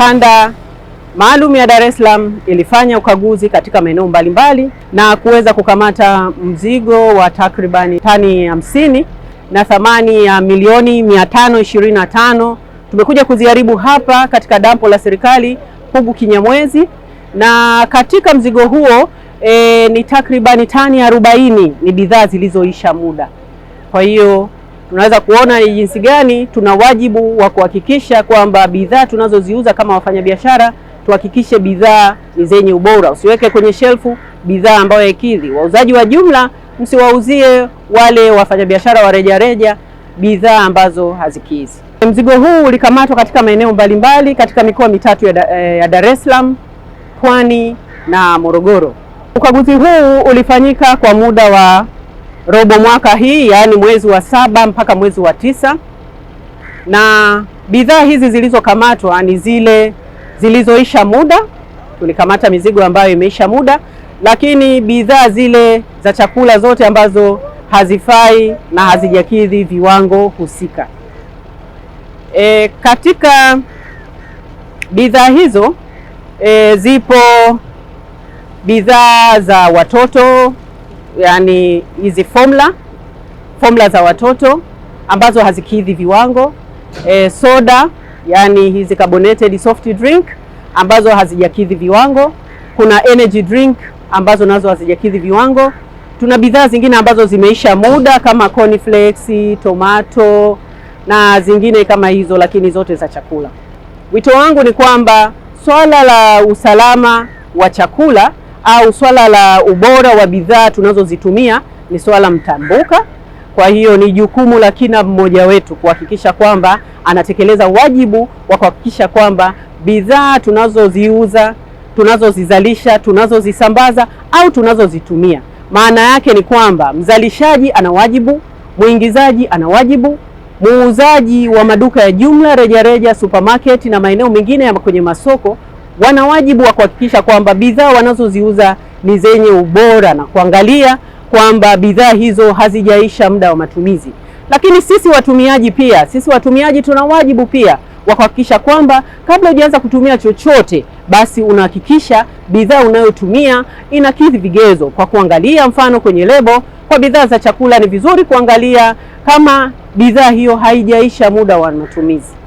kanda maalum ya Dar es Salaam ilifanya ukaguzi katika maeneo mbalimbali na kuweza kukamata mzigo wa takribani tani hamsini na thamani ya milioni mia tano ishirini na tano. Tumekuja kuziharibu hapa katika dampo la serikali Pugu Kinyamwezi, na katika mzigo huo e, ni takribani tani arobaini ni bidhaa zilizoisha muda, kwa hiyo tunaweza kuona ni jinsi gani tuna wajibu wa kuhakikisha kwamba bidhaa tunazoziuza kama wafanyabiashara tuhakikishe bidhaa ni zenye ubora. Usiweke kwenye shelfu bidhaa ambayo haikidhi. Wauzaji wa jumla, msiwauzie wale wafanyabiashara wa rejareja bidhaa ambazo hazikidhi. Mzigo huu ulikamatwa katika maeneo mbalimbali katika mikoa mitatu ya, da, eh, ya Dar es Salaam, Pwani na Morogoro. Ukaguzi huu ulifanyika kwa muda wa robo mwaka hii, yaani mwezi wa saba mpaka mwezi wa tisa, na bidhaa hizi zilizokamatwa ni zile zilizoisha muda. Tulikamata mizigo ambayo imeisha muda, lakini bidhaa zile za chakula zote ambazo hazifai na hazijakidhi viwango husika. E, katika bidhaa hizo e, zipo bidhaa za watoto yani hizi formula formula za watoto ambazo hazikidhi viwango e, soda yani hizi carbonated soft drink ambazo hazijakidhi viwango. Kuna energy drink ambazo nazo hazijakidhi viwango. Tuna bidhaa zingine ambazo zimeisha muda kama cornflakes, tomato na zingine kama hizo, lakini zote za chakula. Wito wangu ni kwamba swala la usalama wa chakula au swala la ubora wa bidhaa tunazozitumia ni swala mtambuka. Kwa hiyo ni jukumu la kila mmoja wetu kuhakikisha kwamba anatekeleza wajibu wa kuhakikisha kwamba bidhaa tunazoziuza, tunazozizalisha, tunazozisambaza au tunazozitumia, maana yake ni kwamba mzalishaji ana wajibu, muingizaji ana wajibu, muuzaji wa maduka ya jumla, rejareja, supermarket na maeneo mengine ya kwenye masoko wana wajibu wa kuhakikisha kwamba bidhaa wanazoziuza ni zenye ubora na kuangalia kwamba bidhaa hizo hazijaisha muda wa matumizi. Lakini sisi watumiaji pia, sisi watumiaji tuna wajibu pia wa kuhakikisha kwamba kabla hujaanza kutumia chochote, basi unahakikisha bidhaa unayotumia inakidhi vigezo kwa kuangalia, mfano kwenye lebo. Kwa bidhaa za chakula ni vizuri kuangalia kama bidhaa hiyo haijaisha muda wa matumizi.